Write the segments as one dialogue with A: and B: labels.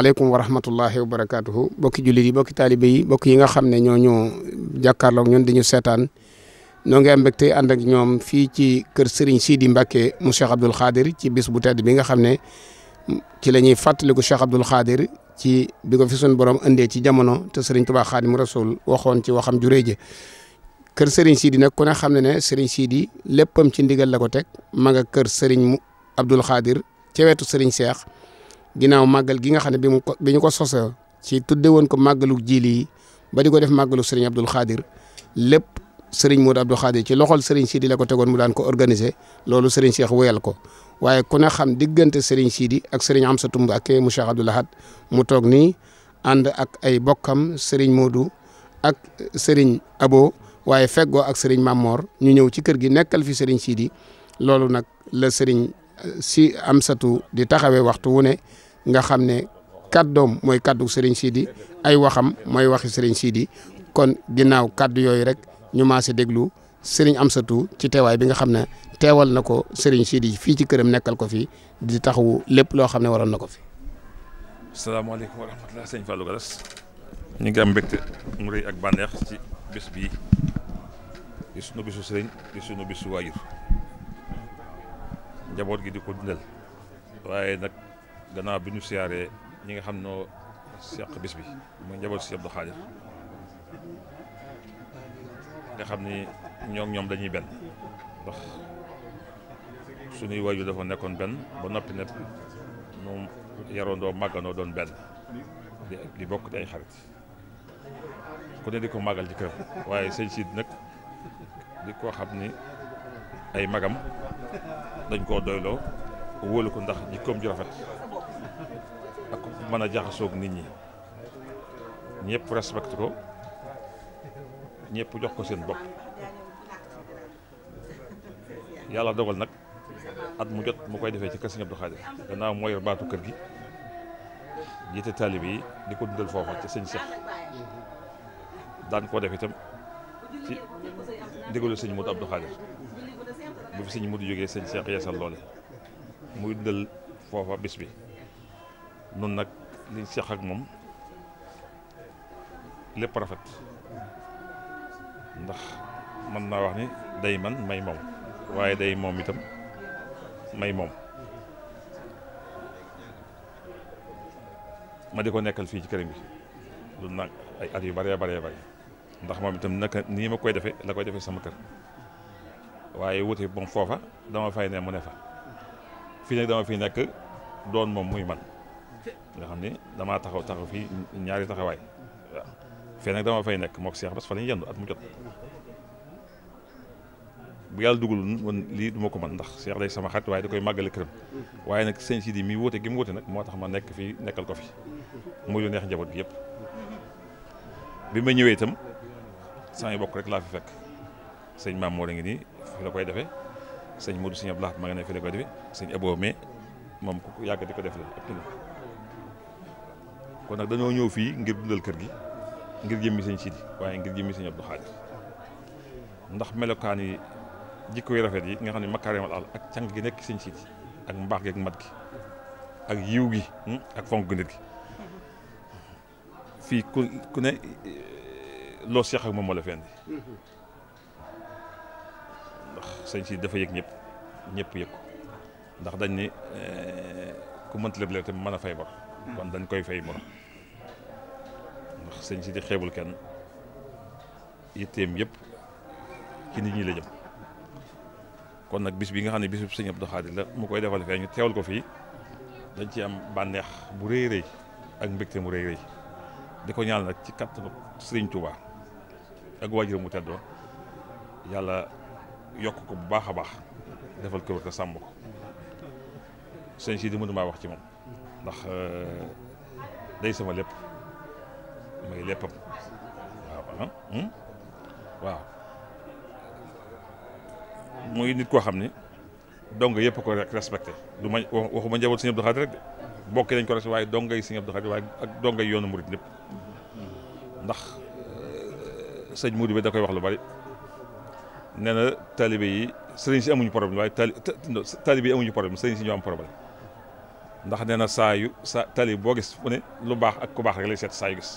A: asalaamaaleykum wa rahmatullahi wa barakaatuhu bokki jullit yi bokki taalibe yi bokk yi nga xam ne ñoo ñu jàkkaarloog ñun di ñu seetaan ñoo ngi am mbégte ànd ak ñoom fii ci kër Serigne siidi Mbacke mu Cheikh Abdoul Khadir ci bis bu tedd bi nga xam ne ci la fàttaliku Cheikh Abdoul Khadir ci bi ko fi suñu borom indee ci jamono te Serigne Touba Khadim Rasoul waxoon ci waxam juree ji kër sëriñ Sidi nag ko ne xam ne ne sëriñ Sidi léppam ci ndigal la ko teg ma kër sëriñ Abdoul Khadir ca wetu Serigne Cheikh. ginnaaw màggal gi nga xam ne bi mu ko bi ñu ko sosa ci tudde woon ko màggalu jiili yi ba di ko def màggalu sëriñ Abdul Xaadir lépp sëriñ Modou Abdul Xaadir ci loxol sëriñ Sidi la ko tegoon mu daan ko organiser loolu sëriñ Cheikh woyal ko waaye ku ne xam diggante sëriñ Sidi ak sëriñ Amsatou Mbacké mu Cheikh Abdoul Ahad mu toog nii ànd ak ay bokkam sëriñ Modou ak sëriñ Abo waaye feggoo ak sëriñ mamoor ñu ñëw ci kër gi nekkal fi sëriñ Sidi loolu nag la sëriñ si Amsatu di taxawee waxtu wu ne nga xam ne kàddoom mooy kàddu sëriñ Sidi ay waxam mooy waxi sëriñ Sidi kon ginnaaw kàddu yooyu rek ñu maase déglu Serigne Amsatu ci teewaay bi nga xam ne teewal na ko Serigne Sidi fii ci këram nekkal ko fi di taxawu lépp loo xam ne waroon na ko fi.
B: salaamaaleykum wa rahmatulah sëñ Fallou Gallas ñu ngi am mbégte mu rëy ak bànneex ci bés bii di sunu bisu sëriñ di sunu bisu waajur njaboot gi di ko dundal waaye nag gannaaw bi ñu siyaaree ñi nga xam noo seq bis bi mooy njaboot si Abdou Khadir nga xam ni ñoom ñoom dañuy benn ndax suñuy waajur dafa nekkoon benn ba noppi ne moom yaroondoo màggandoo doon benn di bokk di ay xarit ku ne di ko màggal ci këram waaye sëñ Siid nag di ko xam ni ay magam dañ koo doyloo wóolu ko ndax jikkoom ju rafet ak mën a jaxasoog nit ñi ñépp respecté ko ñëpp jox ko seen bopp yàlla dogal nag at mu jot mu koy defee ci kër Sëñ Abdou gannaaw mooy baatu kër gi jiite taalib yi di ko dundal foofa ci sëñ Cheikh daan koo def itam ci ndigalu sëñ Modou Abdou Khadir bu fi sëñ Modou jógee sëñ Cheikh yeesal loole muy dal foofa bis bi nun nag liñ seq ak moom lépp rafet ndax man naa wax ni day man may moom waaye day moom itam may moom ma di ko nekkal fii ci këram bi lu nag ay at yu bare bare bare ndax moom itam naka nii ma koy defee la koy defee sama kër waaye wuti moom foofa dama fay ne mu ne fa fii nag dama fi nekk doon moom muy man nga xam ne damaa taxaw taxaw fii ñaari taxawaay waaw nag dama fay nekk moo Cheikh Bass la ñu yendu at mu jot bu yàlla dugal lii du ma ko mën ndax Cheikh sama xarit waaye da koy màggale këram waaye nag sëñ Sidi mi wóote gi mu wóote nag moo tax ma nekk fii nekkal ko fi muy lu neex njaboot gi yëpp bi ma ñëwee tam samay bokk rek laa fi fekk sëñ maam moo da ngi nii fi la koy defee sëñ moo sëñ Abdou Lahad ma nga ne fi la koy defee sëñ Abo moom ku yàgg di ko def la kon nag dañoo ñëw fii ngir dundal kër gi ngir jëmmi sëñ Sidi waaye ngir jëmmi sëñ Abdou melokaan yi jikko yu rafet yi nga xam ne makaarimal àll ak càng gi nekk sëñ Sidi ak mbaax gi ak mat gi ak yiw gi hmm, ak fonk gi nit gi fii ku ne eh, loo seex ak moom moo la fendi ndax sëñ si dafa yëg ñëpp ñëpp yëg ko ndax dañ ni eh, ku mënt leble te mën a fay bor hmm. kon dañ koy fay bor ndax sëñ si di xeebul kenn yitteem yëpp ki nit ñi la jëm kon nag bis bi nga xam ne bisu sëñ Abdou mu koy defal fee ñu ko fii dañ ci am bànneex bu rëy rëy ak mbégte mu rëy rëy di ko ñaanal nag ci kattanu Sëriñ Tuubaa ak waajuram mu teddoo yàlla yokk ko bu baax a baax defal ko ko sàmm ko sëñ si di mënumaa wax ci moom ndax euh, day sama lépp may léppam ah, hmm? waaw muy nit koo xam ni dong yëpp ko rek du ma waxuma njaboot sëñ Abdou Khadre rek de bokk nañ ko respecté waaye dongay sëñ Abdou Khadre waaye ak dongay yoonu murit ñëpp ndax euh, sëñ Mouride da koy wax lu bari nee na taalibe yi sëriñ si amuñu problème waaye taali taalibe yi amuñu problème sëriñ si ñoo am problème ndax nee na saa yu saa boo gis fu lu baax ak ku baax rek lay seet saa gis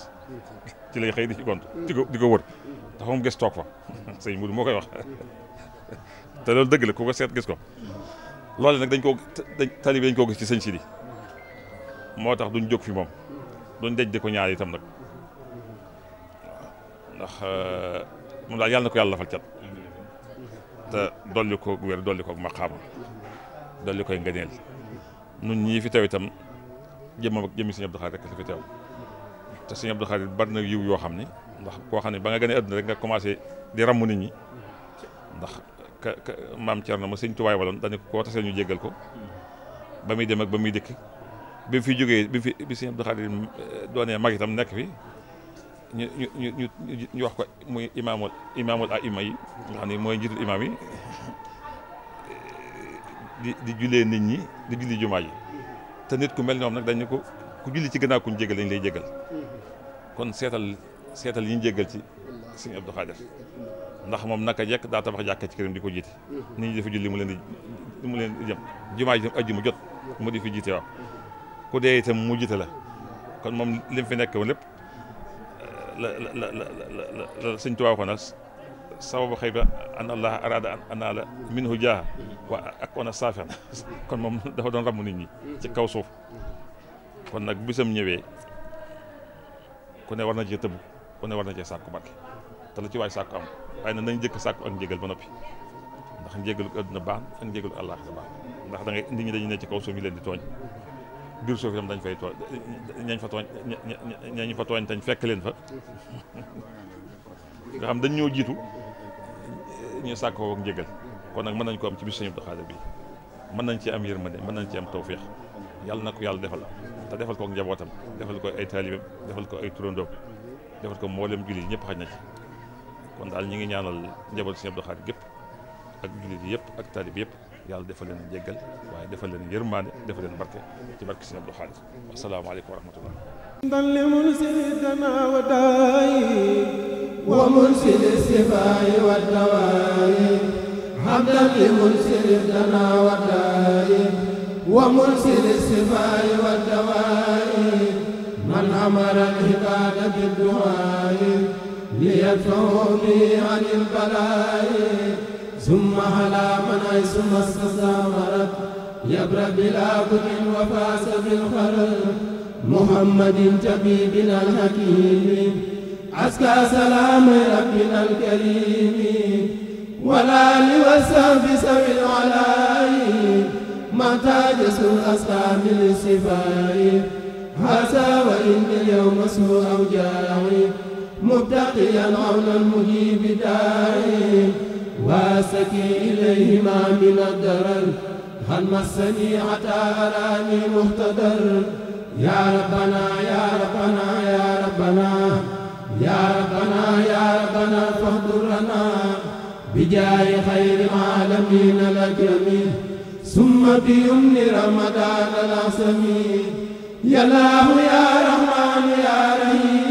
B: ci lay xëy di ci gont di ko ko wër dafa moo koy wax te loolu dëgg la ku gis ko loole nag dañ koo taalibe dañ koo gis ci sëñ Sidi moo tax duñ jóg fi moom duñ ko ñaar itam nag ndax euh, moom daal yàlla na ko yàlla lafal cat te dolli ko wér dolli ko maqaama dolli koy ngëneel nu ñii fi teew itam jëmmam ak jëmmi sëñ Abdou Khadre rek la fi teew te sëñ Abdou Khadre bari na yiw yoo xam ne ndax koo xam ne ba nga gënee àdduna rek nga commencé di ramm nit ñi ndax ka ka maam Thierno ma sëñ Tuwaay waloon dañu koo tasee ñu jéggal ko ba muy dem ak ba muy dëkk bi mu fi jógee bi fi bi sëñ Abdou Khadre eh, doonee mag itam nekk fi ñu ñu ñu wax ko muy imaamul imaamul aima yi nga xam ne mooy njiitul imaam yi di di jullee nit ñi di julli jumaa yi te nit ku mel noonu nag dañu ko ku julli ci gannaaw kuñ jégal lañ lay jégal kon seetal seetal yi ñu jégal ci sëñ Abdou Khadir ndax moom naka jekk daa tabax jàkka ci këram di ko jiite nit ñi dafa julli mu leen di mu leen di jëm jumaa ji tam ajjuma jot mu di fi jiite waaw ku dee itam mu jiite la kon moom lim fi nekk woon lépp la la la la la sëñ Tuubaa waxoon sababu xëy ba an allah araada an la minhu jaaha ak on a saafara kon moom dafa doon ramm nit ñi ci kaw suuf kon nag bisam ñëwee ku ne war na cee tëbb ku ne war na cee sàkku barke te la ci waay sàkku am waaye nag nañ jëkk sàkku ak njégal ba noppi ndax njégalu àdduna baax ak njégalu àllaaxira ndax da indi nit ñi dañu ne ci kaw suuf yi leen di tooñ biir suuf itam dañ fay tooñ ñañ fa tooñ ñañ fa tooñ tañ fekk leen fa nga xam dañ ñoo jiitu ñu sàkkoo ak njëgal kon nag mën nañ ko am ci bis Sëñ Abdou Khadre bi mën nañ ci am yërmande mën nañ ci am tawféex yàlla na ko yàlla defal te defal ko ak njabootam defal ko ay taalibeem defal ko ay turandoom defal ko mboolem jullit ñëpp xaj na ci kon daal ñu ngi ñaanal njaboot Sëñ Abdou Khadre gépp ak jullit yëpp ak taalib yëpp yàlla defal leen njéggal waaye defal leen yërmaande defal leen barke ci barke Sëñ Abdou Khadre asalaamaaleykum wa rahmatullah
C: ndal li mun sidana wa daayi wa mun sidi sifaayi wa dawaayi hamdan li mun sidana wa daayi wa mun sidi sifaayi wa dawaayi man amara alhibaada bi duwaayi li yadfahu bi an ilbalaayi ثم على منع ثم استثمرت يبرأ بالعقل وفاس بالخرج محمد جبيبنا الحكيم عسكى سلام ربنا الكريم ولا لوسف سوي العلاي ما تاجس الأسلام للصفاء هذا وإن اليوم سوء أوجاعي مبتقيا عون المجيب داعي واسكي إليهما من الدرر هل مسني حتى أراني مهتدر يا ربنا يا ربنا يا ربنا يا ربنا يا ربنا فاهدرنا بجاه خير العالمين الأكرمين ثم بيمن رمضان العصمي
A: يا الله يا
C: رحمن يا رحيم